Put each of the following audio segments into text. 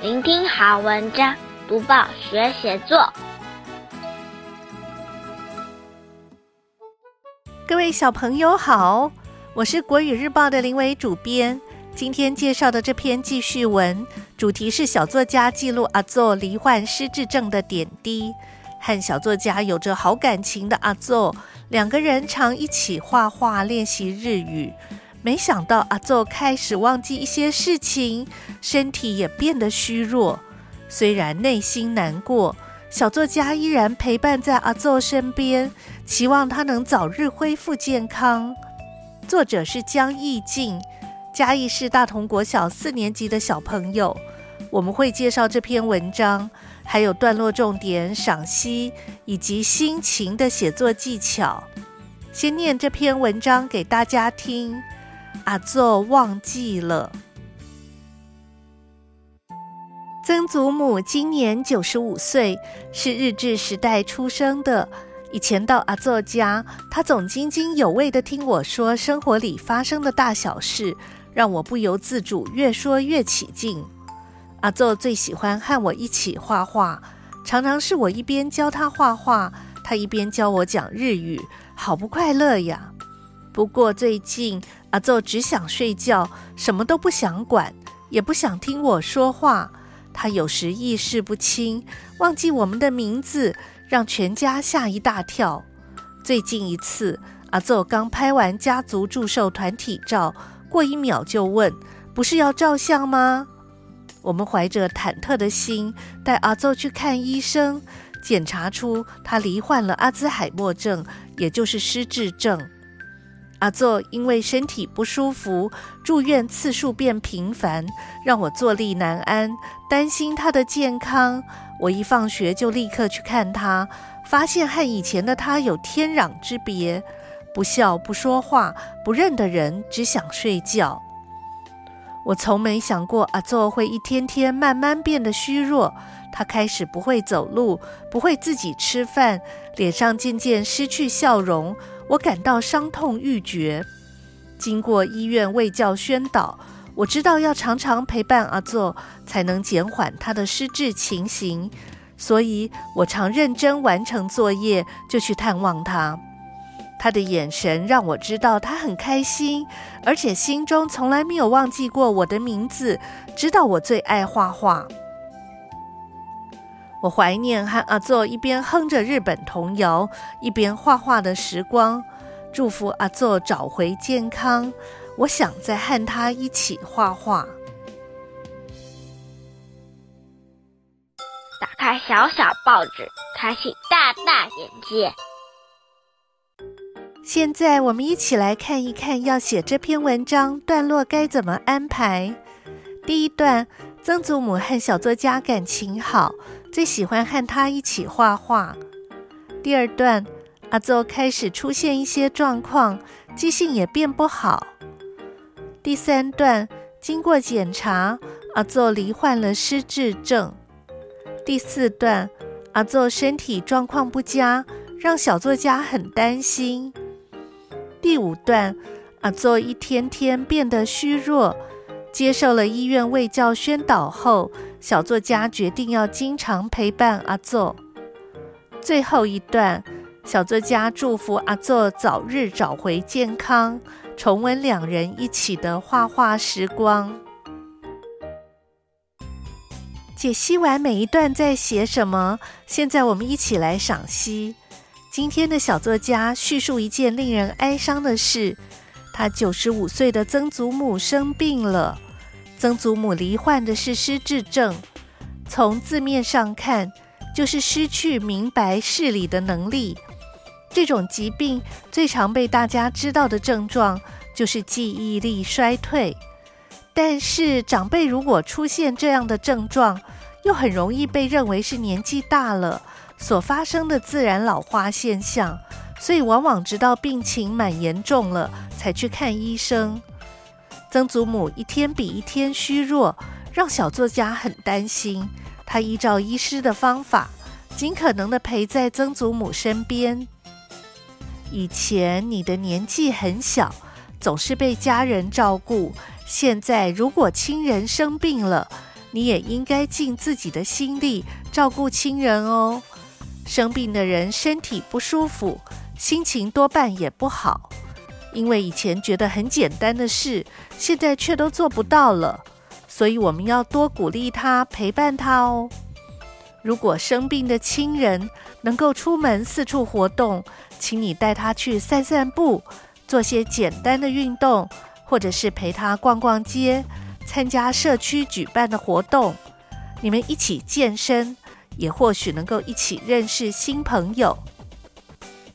聆聽好文章，讀報學寫作。各位小朋友好，我是國語日報的林偉主編。今天介紹的這篇記敘文，主題是小作家記錄阿祖罹患失智症的點滴，和小作家有着好感情的阿祖，兩個人常一起畫畫、練習日語。沒想到阿祖開始忘記一些事情，身體也變得虛弱。雖然內心難過，小作家依然陪伴在阿祖身邊，期望他能早日恢復健康。作者是江義靜，嘉義市大同國小四年級的小朋友。我們會介紹這篇文章，還有段落重點賞析以及心情的寫作技巧。先念這篇文章給大家聽。阿祖忘記了。曾祖母今年九十五歲，是日治時代出生的。以前到阿祖家，她總津津有味地聽我說生活裡發生的大小事，讓我不由自主越說越起勁。阿祖最喜歡和我一起畫畫，常常是我一邊教他畫畫，他一邊教我講日語，好不快樂呀。不過最近，阿祖只想睡覺，什麼都不想管，也不想聽我說話。他有時意識不清，忘記我們的名字，讓全家嚇一大跳。最近一次，阿祖剛拍完家族祝壽團體照，過一秒就問：“不是要照相嗎？”我們懷着忐忑的心帶阿祖去看醫生，檢查出他罹患了阿茲海默症，也就是失智症。阿祖因為身體不舒服，住院次數變頻繁，讓我坐立難安，擔心他的健康。我一放學就立刻去看他，發現和以前的他有天壤之別：不笑、不說話、不認得人，只想睡覺。我從沒想過阿祖會一天天慢慢變得虛弱。他開始不會走路，不會自己吃飯，臉上漸漸失去笑容。我感到傷痛欲絕。經過醫院衛教宣導，我知道要常常陪伴阿祖，才能減緩他的失智情形。所以我常認真完成作業，就去探望他。他的眼神讓我知道他很開心，而且心中從來沒有忘記過我的名字，知道我最愛畫畫。我懷念和阿祖一邊哼着日本童謠，一邊畫畫的時光。祝福阿祖找回健康。我想再和他一起畫畫。打開小小報紙，開啟大大眼界。現在我們一起來看一看，要寫這篇文章段落該怎麼安排。第一段，曾祖母和小作家感情好。最喜歡和他一起畫畫。第二段，阿祖開始出現一些狀況，記性也變不好。第三段，經過檢查，阿祖罹患了失智症。第四段，阿祖身體狀況不佳，讓小作家很擔心。第五段，阿祖一天天變得虛弱，接受了醫院衛教宣導後，小作家決定要經常陪伴阿祖。最後一段，小作家祝福阿祖早日找回健康，重溫兩人一起的畫畫時光。解析完每一段在寫什麼，現在我們一起來賞析。今天的小作家敘述一件令人哀傷的事：他九十五歲的曾祖母生病了。曾祖母罹患的是失智症，從字面上看，就是失去明白事理的能力。這種疾病最常被大家知道的症狀就是記憶力衰退，但是長輩如果出現這樣的症狀，又很容易被認為是年紀大了所發生的自然老化現象，所以往往直到病情蠻嚴重了才去看醫生。曾祖母一天比一天虛弱，讓小作家很擔心。他依照醫師的方法，盡可能的陪在曾祖母身邊。以前你的年紀很小，總是被家人照顧。現在如果親人生病了，你也應該盡自己的心力照顧親人哦。生病的人身體不舒服，心情多半也不好。因為以前覺得很簡單的事，現在卻都做不到了，所以我們要多鼓勵他，陪伴他哦。如果生病的親人能夠出門四處活動，請你帶他去散散步，做些簡單的運動，或者是陪他逛逛街，參加社區舉辦的活動。你們一起健身，也或許能夠一起認識新朋友。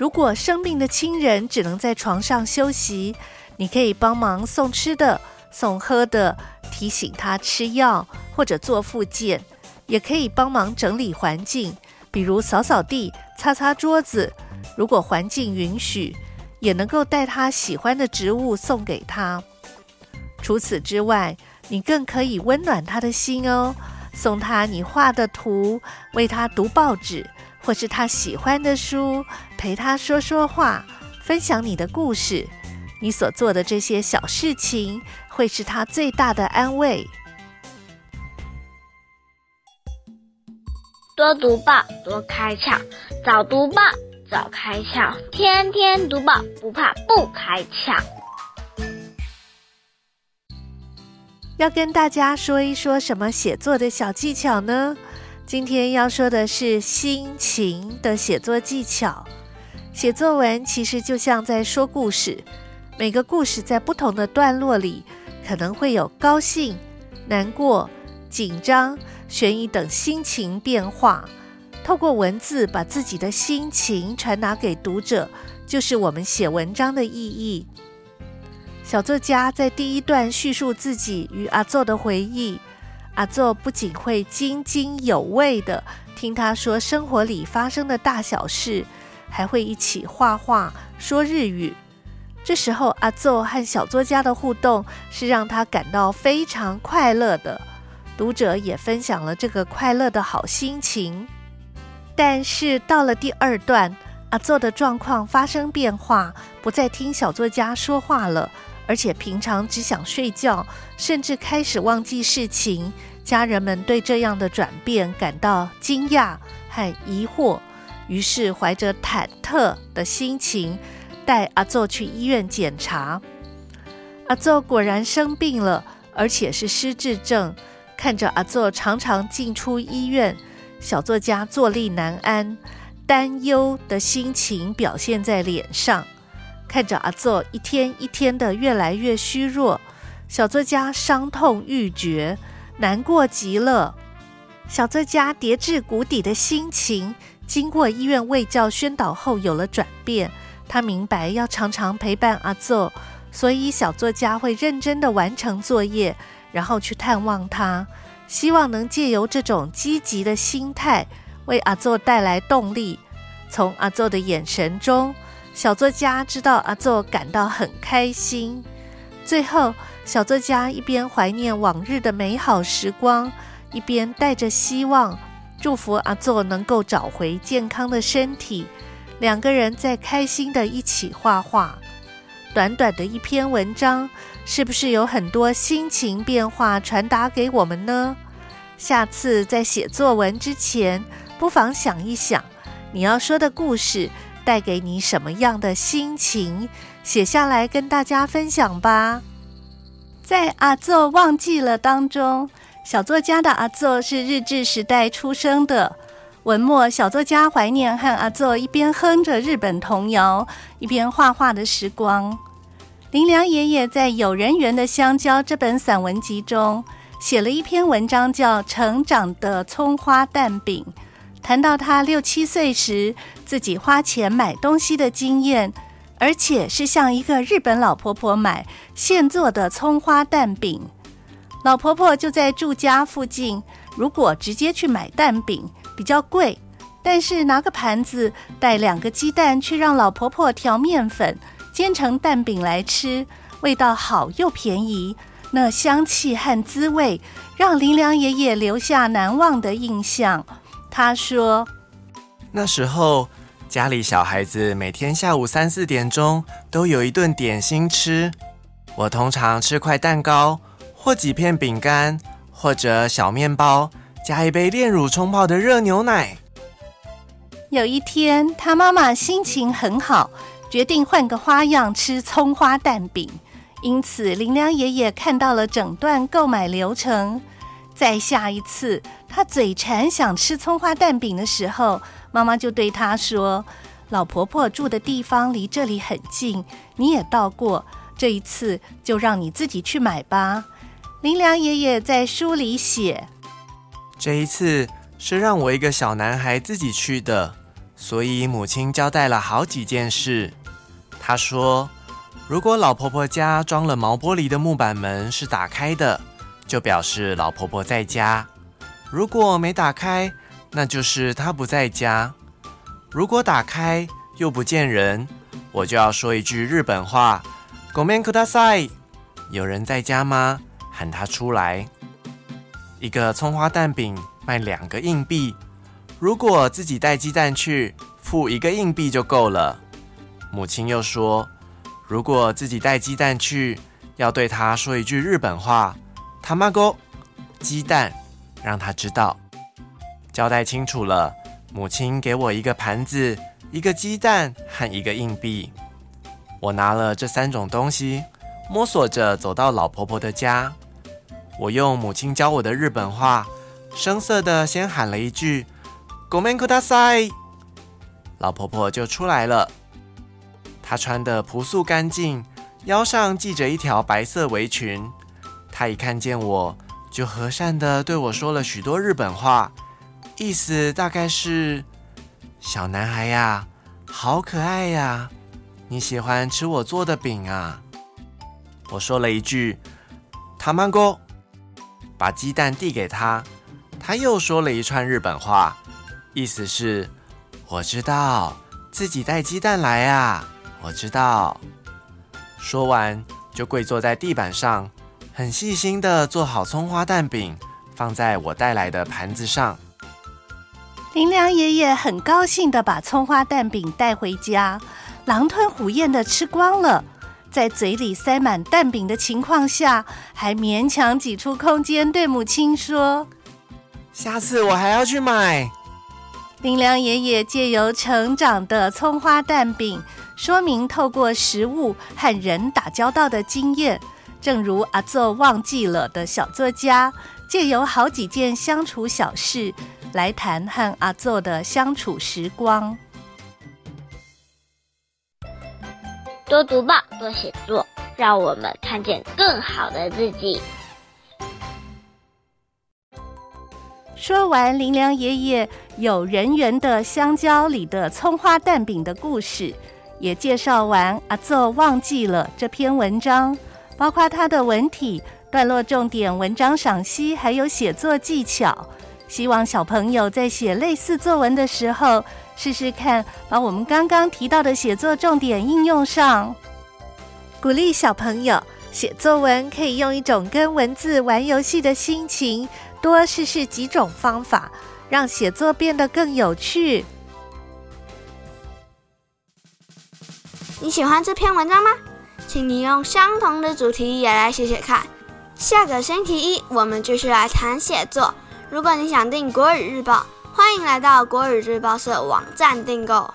如果生病的親人只能在床上休息，你可以幫忙送吃的、送喝的，提醒他吃藥或者做復健，也可以幫忙整理環境，比如掃掃地、擦擦桌子。如果環境允許，也能夠帶他喜歡的植物送給他。除此之外，你更可以溫暖他的心哦，送他你畫的圖，為他讀報紙。或是他喜歡的書，陪他說說話，分享你的故事，你所做的這些小事情，會是他最大的安慰。多讀報，多開竅；早讀報，早開竅；天天讀報，不怕不開竅。要跟大家說一說什麼寫作的小技巧呢？今天要說的是心情的寫作技巧。寫作文其實就像在說故事，每個故事在不同的段落裡可能會有高興、難過、緊張、懸疑等心情變化。透過文字把自己的心情傳達給讀者，就是我們寫文章的意義。小作家在第一段敘述自己與阿祖的回憶。阿祖不僅會津津有味的聽他說生活裡發生的大小事，還會一起畫畫說日語。這時候，阿祖和小作家的互動是讓他感到非常快樂的。讀者也分享了這個快樂的好心情。但是到了第二段，阿祖的狀況發生變化，不再聽小作家說話了，而且平常只想睡覺，甚至開始忘記事情。家人們對這樣的轉變感到驚訝和疑惑，於是懷着忐忑的心情帶阿祖去醫院檢查。阿祖果然生病了，而且是失智症。看着阿祖常常進出醫院，小作家坐立難安，擔憂的心情表現在臉上。看着阿祖一天一天的越來越虛弱，小作家傷痛欲絕。難過極了，小作家跌至谷底的心情，經過醫院衛教宣導後有了轉變。他明白要常常陪伴阿祖，所以小作家會認真地完成作業，然後去探望他，希望能借由這種積極的心態，為阿祖帶來動力。從阿祖的眼神中，小作家知道阿祖感到很開心。最後。小作家一邊懷念往日的美好時光，一邊帶着希望祝福阿祖能夠找回健康的身體。兩個人在開心地一起畫畫。短短的一篇文章，是不是有很多心情變化傳達給我們呢？下次在寫作文之前，不妨想一想，你要說的故事帶給你什麼樣的心情，寫下來跟大家分享吧。在阿祖忘記了當中，小作家的阿祖是日治時代出生的。文末小作家，懷念和阿祖一邊哼着日本童謠，一邊畫畫的時光。林良爺爺在《有人緣的香蕉》這本散文集中，寫了一篇文章叫《成長的蔥花蛋餅》，談到他六七歲時自己花錢買東西的經驗。而且是向一個日本老婆婆買現做的蔥花蛋餅，老婆婆就在住家附近。如果直接去買蛋餅比較貴，但是拿個盤子帶兩個雞蛋去，讓老婆婆調麵粉煎成蛋餅來吃，味道好又便宜。那香氣和滋味讓林良爺爺留下難忘的印象。他說：“那時候。”家裡小孩子每天下午三四點鐘都有一頓點心吃，我通常吃塊蛋糕或幾片餅乾，或者小麵包，加一杯煉乳沖泡的熱牛奶。有一天，他媽媽心情很好，決定換個花樣吃蔥花蛋餅，因此林良爺爺看到了整段購買流程。在下一次他嘴饞想吃蔥花蛋餅的時候。媽媽就對他說：“老婆婆住的地方離這裡很近，你也到過。這一次就讓你自己去買吧。”林良爺爺在書裡寫：“這一次是讓我一個小男孩自己去的，所以母親交代了好幾件事。她說，如果老婆婆家裝了毛玻璃的木板門是打開的，就表示老婆婆在家；如果沒打開。”那就是他不在家。如果打開又不見人，我就要說一句日本話：“ごめんください，有人在家嗎？喊他出來。”一個蔥花蛋餅賣兩個硬幣。如果自己帶雞蛋去，付一個硬幣就夠了。母親又說：“如果自己帶雞蛋去，要對他說一句日本話：‘たまご雞蛋，讓他知道。”交代清楚了，母親給我一個盤子、一個雞蛋和一個硬幣。我拿了這三種東西，摸索着走到老婆婆的家。我用母親教我的日本話，生澀地先喊了一句“ごめんください”，老婆婆就出來了。她穿的樸素乾淨，腰上繫着一條白色圍裙。她一看見我，就和善的對我說了許多日本話。意思大概是：“小男孩呀，好可愛呀！你喜歡吃我做的餅啊？”我說了一句：“Tamago。”把雞蛋遞給他，他又說了一串日本話，意思是：“我知道自己帶雞蛋來呀，我知道。”說完，就跪坐在地板上，很細心的做好蔥花蛋餅，放在我帶來的盤子上。林良爺爺很高興地把蔥花蛋餅帶回家，狼吞虎嚥地吃光了，在嘴裡塞滿蛋餅的情況下，還勉強擠出空間對母親說：“下次我還要去買。”林良爺爺借由成長的蔥花蛋餅，說明透過食物和人打交道的經驗，正如阿祖忘記了的小作家，借由好幾件相處小事，來談和阿祖的相處時光。多讀報，多寫作，讓我們看見更好的自己。說完林良爺爺《有人緣的香蕉》裡的蔥花蛋餅的故事，也介紹完阿祖忘記了這篇文章，包括他的文體、段落重點、文章賞析，還有寫作技巧。希望小朋友在寫類似作文的時候，試試看把我們剛剛提到的寫作重點應用上。鼓勵小朋友寫作文，可以用一種跟文字玩遊戲的心情，多試試幾種方法，讓寫作變得更有趣。你喜歡這篇文章嗎？請你用相同的主題也來寫寫看。下個星期一，我們繼續來談寫作。如果你想訂國語日報，歡迎來到國語日報社網站訂購。